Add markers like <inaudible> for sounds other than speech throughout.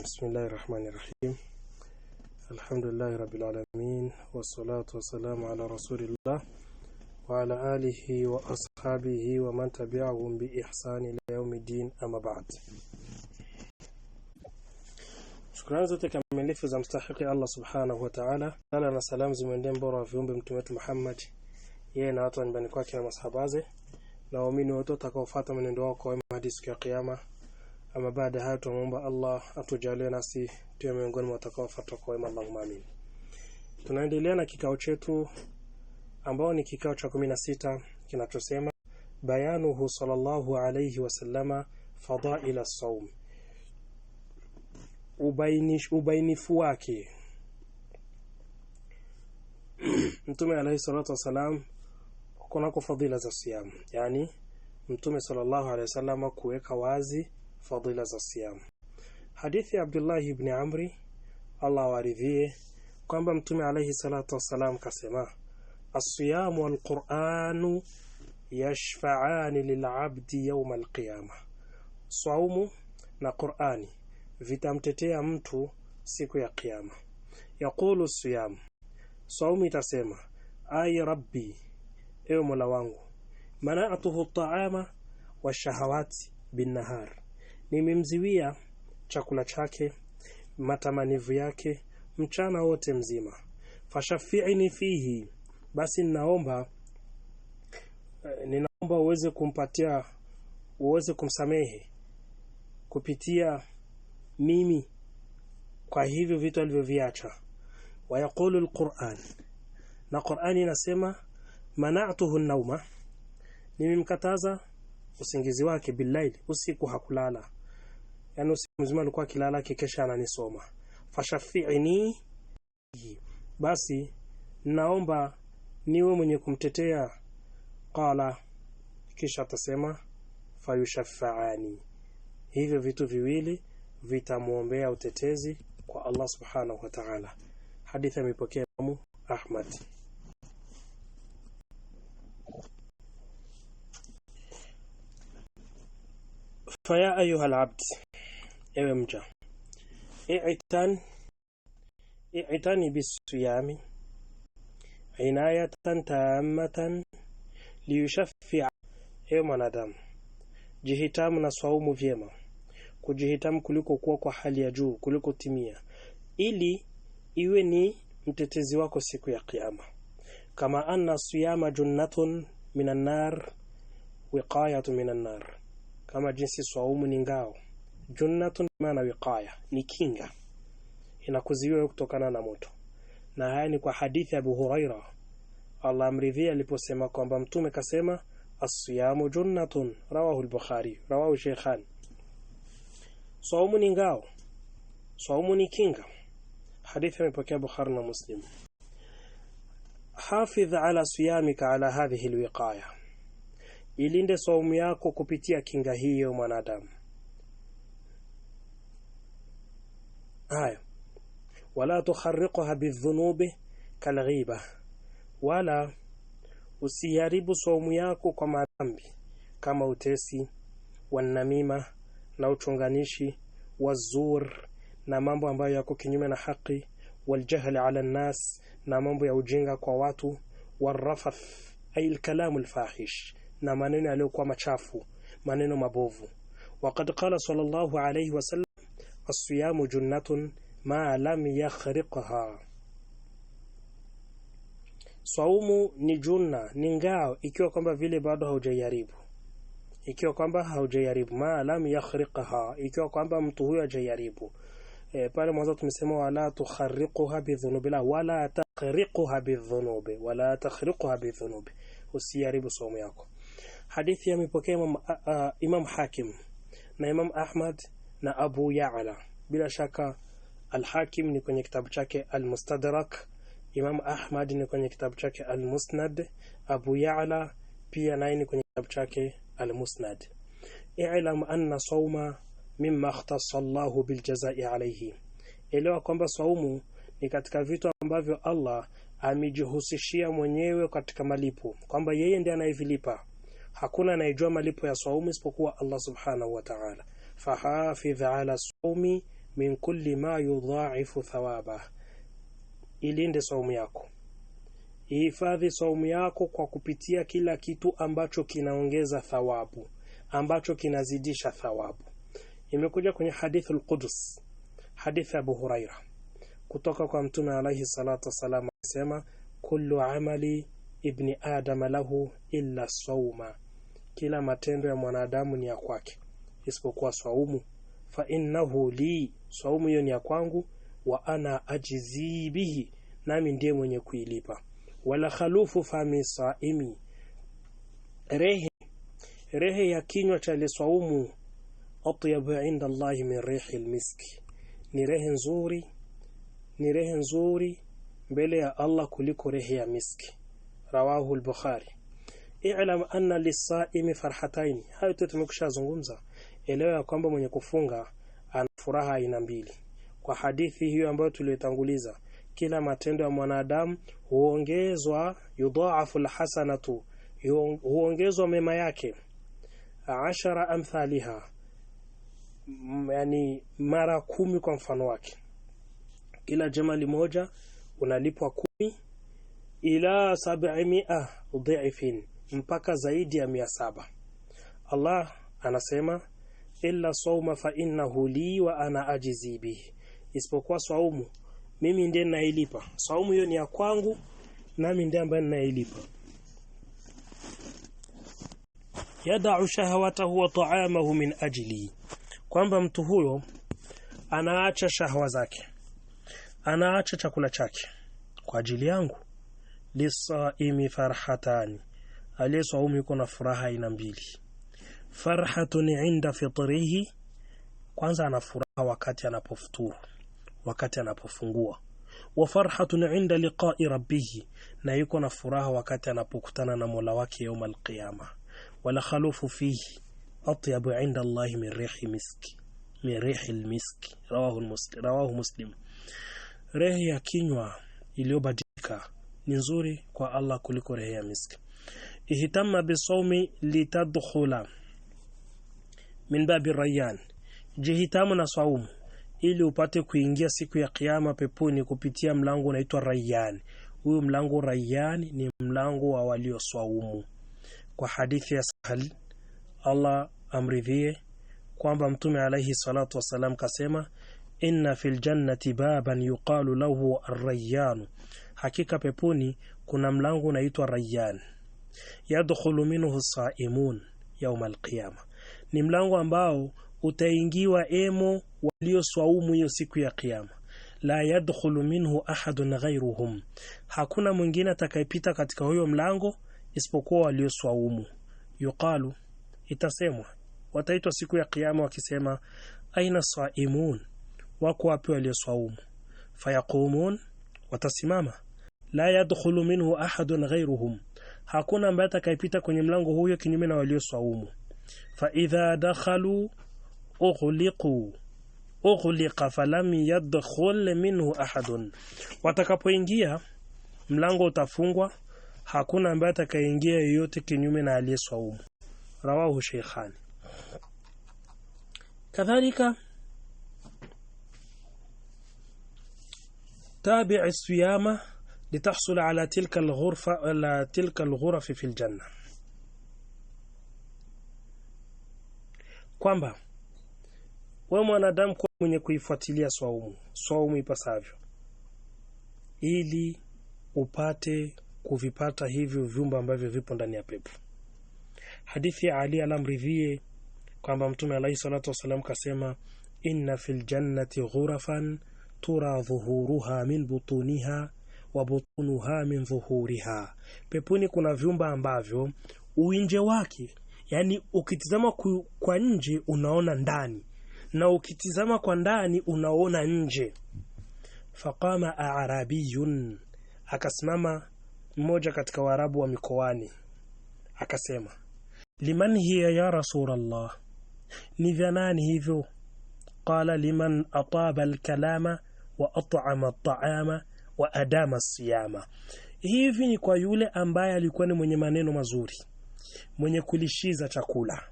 Bismillahi rahmani rahim Alhamdulillahi rabbil alamin wassalatu wassalamu ala rasulillah wa ala alihi wa ashabihi wa man tabi'ahum bi ihsani ila yaumiddin ama ba'd Shukrani zote kamilifu za mstahiki Allah subhanahu wa ta'ala sala na salamu zimwendee mbora wa viumbe mtume wetu Muhammad yeye na watu wa nyumbani kwake na masahabaze na waamini wote watakaofuata mwenendo wao kwa wema ya kiyama ama baada ya hayo tunaomba Allah atujalie nasi tuwe miongoni mwa watakaofuata kwa wema, Allahumma amin. Tunaendelea na kikao chetu ambao ni kikao cha 16 kinachosema bayanuhu sallallahu alayhi wasallama as-sawm ubainish ubainifu wake <clears throat> Mtume alayhi salatu wasalam kunako fadhila za siyam yani Mtume sallallahu alayhi wasallam kuweka wazi fadila za siamu. Hadithi ya Abdullahi ibn Amri, Allah waridhie, kwamba Mtume alayhi salatu wassalam kasema, as-siyamu wal-Qur'anu yashfa'ani lil'abdi yawm al-qiyama, saumu na Qur'ani vitamtetea mtu siku ya Kiyama. Yaqulu siyam, saumu itasema, ay rabbi, ewe mola wangu, mana'atuhu at-ta'ama wa shahawati bin Nimemziwia chakula chake, matamanivu yake, mchana wote mzima. Fashafiini fihi, basi ninaomba eh, ninaomba uweze kumpatia uweze kumsamehe kupitia mimi kwa hivyo vitu alivyoviacha. Wayaqulu alquran, na Qurani inasema mana'tuhu nauma, nimemkataza usingizi wake billaili, usiku hakulala yani usiku mzima alikuwa akilala kikesha ananisoma. Fashafiini, basi naomba niwe mwenye kumtetea. Qala, kisha atasema fayushafaani hivyo vitu viwili vitamwombea utetezi kwa Allah subhanahu wa ta'ala. Hadithi amepokea Imamu Ahmad. Faya ayuha alabd ewe mja ee ee i'tani bisiyami inayatan tamatan liyushafia ewe mwanadamu jihitamu na swaumu vyema kujihitamu kuliko kuwa kwa hali ya juu kuliko timia ili iwe ni mtetezi wako siku ya kiyama kama anna siyama junnatun minan nar wiqayatun minan nar kama jinsi swaumu ni ngao Junnatun maana wiqaya ni kinga inakuziwiwa kutokana na moto, na haya ni kwa hadithi ya Abu Huraira, Allah amridhi aliposema kwamba mtume kasema asiyamu junnatun, rawahu al-Bukhari, rawahu Sheikhan. Saumu ni ngao, saumu ni kinga. Hadithi imepokea Bukhari na Muslim. Hafidh ala siyamika ala hadhihi alwiqaya, ilinde saumu yako kupitia kinga hiyo mwanadamu. haya wala tukhariquha bidhunubi kalghiba wala usiharibu saumu yako kwa madhambi kama utesi wanamima na uchonganishi wazur na mambo ambayo yako kinyume na haki waljahli ala nnas na mambo ya ujinga kwa watu warrafath ay alkalamu alfahish na maneno yaliyokuwa machafu maneno mabovu waqad qala sallallahu alayhi wasallam الصيام جنة ما لم يخرقها Swaumu ni juna ni ngao, ikiwa kwamba vile bado haujajaribu, ikiwa kwamba haujajaribu, ma lam yakhriqaha, ikiwa kwamba mtu huyo hajajaribu. E, pale mwanzo tumesema wala tukhariquha bidhunubila, wala takhriquha bidhunubi, wala takhriquha bidhunubi, usijaribu saumu yako. Hadithi yamepokea Imam Hakim na Imam Ahmad na Abu Ya'la. Bila shaka Al-Hakim ni kwenye kitabu chake Al-Mustadrak, Imam Ahmad ni kwenye kitabu chake Al-Musnad, Abu Ya'la pia naye ni kwenye kitabu chake Al-Musnad. I'lam anna sawma mimma ikhtassa Allahu biljazai alayhi, elewa kwamba saumu ni katika vitu ambavyo Allah amejihusishia mwenyewe katika malipo, kwamba yeye ndiye anayevilipa. Hakuna anayejua malipo ya saumu isipokuwa Allah subhanahu wa ta'ala fahafidh ala saumi min kulli ma yudhaifu thawaba, ilinde saumu yako, ihifadhi saumu yako kwa kupitia kila kitu ambacho kinaongeza thawabu, ambacho kinazidisha thawabu. Imekuja kwenye hadith al-Qudus, hadith Abu Huraira kutoka kwa Mtume alayhi salatu wasalam, akisema kullu amali ibni adama lahu illa sawma, kila matendo ya mwanadamu ni ya kwake isipokuwa swaumu fa innahu li swaumu hiyo ni ya kwangu wa ana ajizi bihi nami ndiye mwenye kuilipa wala khalufu fami saimi rehe rehe ya kinywa cha liswaumu Atyab inda Allahi min rihi almiski ni rehe nzuri ni rehe nzuri mbele ya Allah kuliko rehe ya miski rawahu al-Bukhari i'lam anna lis-saimi farhatayn hayo tumekushazungumza Elewa ya kwamba mwenye kufunga ana furaha aina mbili. Kwa hadithi hiyo ambayo tuliyotanguliza, kila matendo ya mwanadamu huongezwa, yudhaafu alhasanatu, huongezwa mema yake ashara amthaliha, yani mara kumi kwa mfano wake. Kila jema limoja unalipwa kumi ila sab'imia dhifin, mpaka zaidi ya mia saba. Allah anasema illa sawma fa innahu li wa ana ajizi bihi, isipokuwa saumu mimi ndiye ninailipa. Saumu hiyo ni ya kwangu nami ndiye ambaye ninailipa. Yadau shahawatahu wa ta'amahu min ajli, kwamba mtu huyo anaacha shahwa zake, anaacha chakula chake kwa ajili yangu. Lisaimi farhatani, aliyesaumu yuko na furaha aina mbili farhatun inda fitrihi, kwanza anafuraha wakati anapofuturu, wakati anapofungua. Wa farhatun inda liqai rabbihi, na yuko na furaha wakati anapokutana na Mola wake yauma alqiyama. Wala khalufu fihi atyabu inda Allahi min rihi miski min rihi almiski, rawahu Muslim. Rehe ya kinywa iliyobadilika ni nzuri kwa Allah kuliko rehe ya miski. Ihtamma bisawmi litadkhula min babi rayyan, jihitamu na swaumu ili upate kuingia siku ya kiyama peponi kupitia mlango unaitwa Rayyan. Huyu mlango Rayyan ni mlango wa walioswaumu. Kwa hadithi ya Sahal, Allah amridhie, kwamba Mtume alayhi salatu wasalam kasema, inna fil jannati baban yuqalu lahu Ar-Rayyan, hakika peponi kuna mlango unaitwa Rayyan, yadkhulu minhu saimun yawm al qiyamah ni mlango ambao utaingiwa emo walioswaumu hiyo siku ya Kiyama. La yadkhulu minhu ahadun ghayruhum, hakuna mwingine atakayepita katika huyo mlango isipokuwa walioswaumu. Yuqalu, itasemwa, wataitwa siku ya Kiyama wakisema aina saimun, wako wapi walioswaumu? Fayaqumun, watasimama. La yadkhulu minhu ahadun ghayruhum, hakuna ambaye atakayepita kwenye mlango huyo kinyume na walioswaumu. فإذا دخلوا ughliqu ughliqa falam yadkhul minhu ahadun, watakapoingia mlango utafungwa, hakuna ambaye atakayeingia yeyote kinyume na aliyeswaumu. Rawahu Sheikhani. Kadhalika tabi'i siyama litahsul ala tilka alghurfa ala tilka alghuraf fi aljanna kwamba wewe mwanadamu kuwa mwenye kuifuatilia swaumu swaumu ipasavyo ili upate kuvipata hivyo vyumba ambavyo vipo ndani ya pepo hadithi ya Ali alamrivie kwamba mtume alahi salatu wassalam kasema inna fi ljannati ghurafan tura dhuhuruha min butuniha wa butunuha min dhuhuriha peponi kuna vyumba ambavyo uinje wake yaani ukitizama ku, kwa nje unaona ndani na ukitizama kwa ndani unaona nje. Faqama arabiyun, akasimama mmoja katika Waarabu wa mikoani akasema, liman hiya ya Rasulallah, ni vya nani hivyo? Qala liman ataba alkalama wa at'ama at'ama wa adama siyama, hivi ni kwa yule ambaye alikuwa ni mwenye maneno mazuri mwenye kulishiza chakula,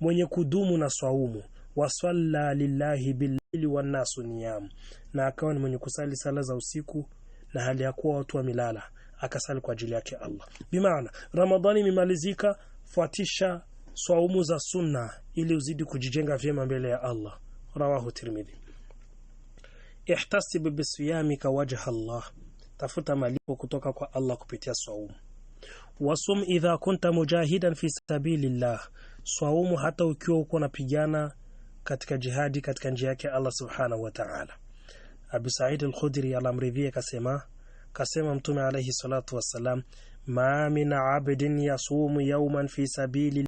mwenye kudumu na swaumu, wasalla lillahi billaili wannasu niyam, na akawa ni mwenye kusali sala za usiku na hali ya kuwa watu milala akasali kwa ajili yake Allah. Bimaana Ramadhani imemalizika, fuatisha swaumu za sunna ili uzidi kujijenga vyema mbele ya Allah. Rawahu Tirmidhi. Ihtasib bisiyamika wajha Allah, tafuta malipo kutoka kwa Allah kupitia swaumu wasum idha kunta mujahidan fi sabilillah swaumu hata ukiwa uko napigana katika jihadi katika njia yake Allah subhanahu wa ta'ala Abu Sa'id al-Khudri alamridhia kasema kasema mtume alayhi salatu wassalam ma min abdin yasumu yawman fi sabili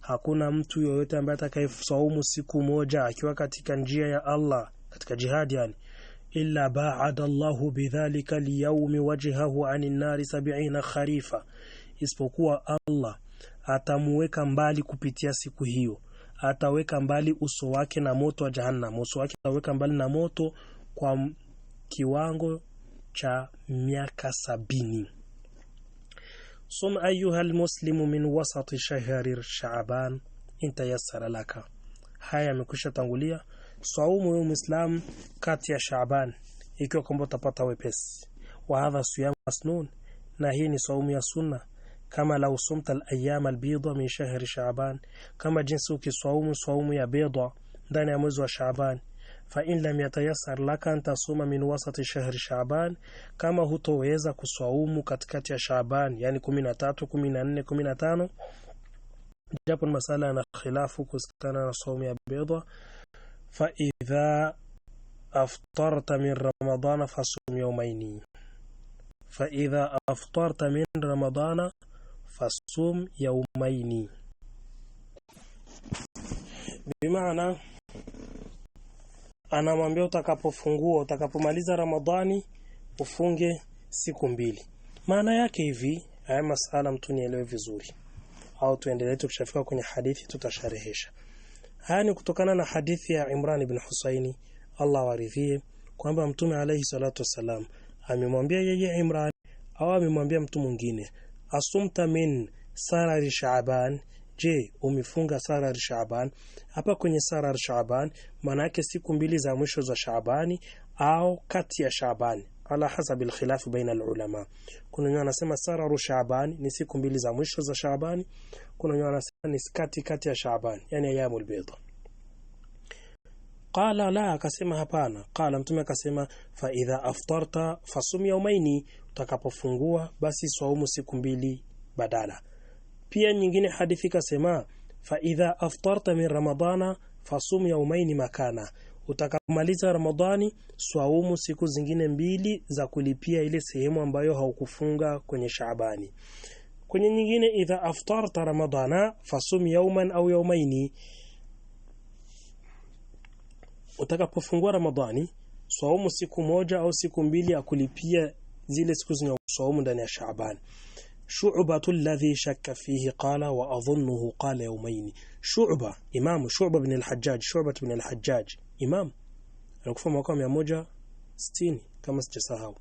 hakuna mtu yoyote ambaye atakayesaumu siku moja akiwa katika njia ya Allah katika jihad yani illa ba'ada Allahu bidhalika liyawmi wajhahu 'anil nari 70 kharifa isipokuwa Allah atamuweka mbali kupitia siku hiyo, ataweka mbali uso wake na moto wa Jahannam. Uso wake ataweka mbali na moto kwa kiwango cha miaka sabini. Sum ayuha almuslimu min wasati shahri Shaaban intayasara laka. Haya yamekwisha tangulia. Swaumu ya Muislam kati ya Shaaban, ikiwa kwamba utapata wepesi. Wa hadha siyam masnun, na hii ni swaumu ya sunna كما لو صمت الأيام البيضة من شهر شعبان كما جنسك صوم صوم يا بيضة دان يمز شعبان فإن لم يتيسر لك أن تصوم من وسط شهر شعبان كما هو تويزا كصوم كتكت يا شعبان يعني كمين تاتو كمين أن كمين تانو جاب المسألة أنا خلافك استنى صوم يا بيضة فإذا أفطرت من رمضان فصوم يومين فإذا أفطرت من رمضان fasum yaumaini bimaana anamwambia utakapofungua utakapomaliza ramadhani ufunge siku mbili maana yake hivi haya masala mtu nielewe vizuri au tuendelee tukishafika kwenye hadithi tutasharehesha haya ni kutokana na hadithi ya Imran ibn Husaini Allah waridhie kwamba mtume alayhi salatu wasalam amemwambia yeye Imran au amemwambia mtu mwingine asumta min sarari Shaaban, je, umefunga sarar Shaaban? Hapa kwenye sarar Shaaban maana yake siku mbili za mwisho za Shaabani au kati ya Shaabani ala hasabi alkhilafu baina alulama. Kuna wenye wanasema sararu Shaaban ni siku mbili za mwisho za Shaabani, kuna wenye wanasema ni kati kati ya Shaabani, yani ayamul bayda qala la, akasema hapana. Qala mtume akasema, fa idha aftarta fasum yawmaini, utakapofungua basi swaumu siku mbili badala. Pia nyingine hadithi kasema, fa idha aftarta min ramadana fasum yawmaini makana, utakapomaliza Ramadhani swaumu siku zingine mbili za kulipia ile sehemu ambayo haukufunga kwenye Shaabani. Kwenye nyingine, idha aftarta ramadana fasum yawman au yawmaini utakapofungua Ramadhani swaumu siku moja au siku mbili ya kulipia zile siku zenye swaumu ndani ya Shaaban. Shu'batu alladhi shakka fihi qala wa adhunnuhu qala yawmayn. Shu'ba Imam Shu'ba ibn al-Hajjaj, Shu'ba ibn al-Hajjaj, Imam alikufa mwaka 160 kama sijasahau.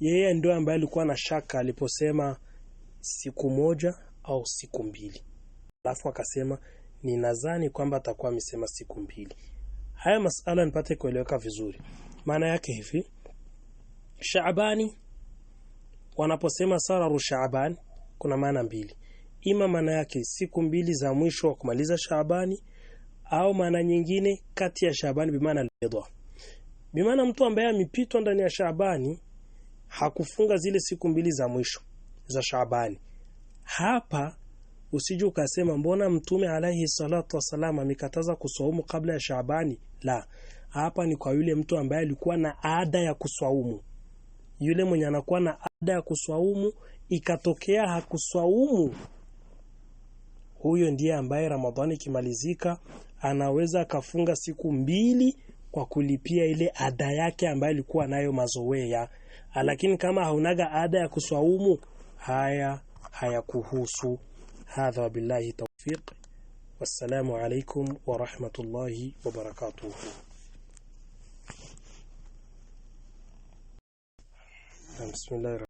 Yeye ndio ambaye alikuwa na shaka aliposema siku moja au siku mbili, alafu akasema ninadhani kwamba atakuwa amesema siku mbili haya masala nipate kueleweka vizuri. Maana yake hivi, Shaabani wanaposema sararu Shaaban kuna maana mbili, ima maana yake siku mbili za mwisho wa kumaliza Shaabani, au maana nyingine kati ya Shaabani bimaana lidha bayda bimaana mtu ambaye amepitwa ndani ya Shaabani hakufunga zile siku mbili za mwisho za Shaabani. Hapa usije ukasema mbona Mtume alaihi salatu wassalam amekataza kusaumu kabla ya Shaabani la, hapa ni kwa yule mtu ambaye alikuwa na ada ya kuswaumu. Yule mwenye anakuwa na ada ya kuswaumu ikatokea hakuswaumu, huyo ndiye ambaye Ramadhani ikimalizika anaweza akafunga siku mbili kwa kulipia ile ada yake ambayo alikuwa nayo mazoea. Ah, lakini kama haunaga ada ya kuswaumu, haya hayakuhusu. Hadha, wabillahi tawfiq. والسلام عليكم ورحمة الله وبركاته بسم الله الرحمن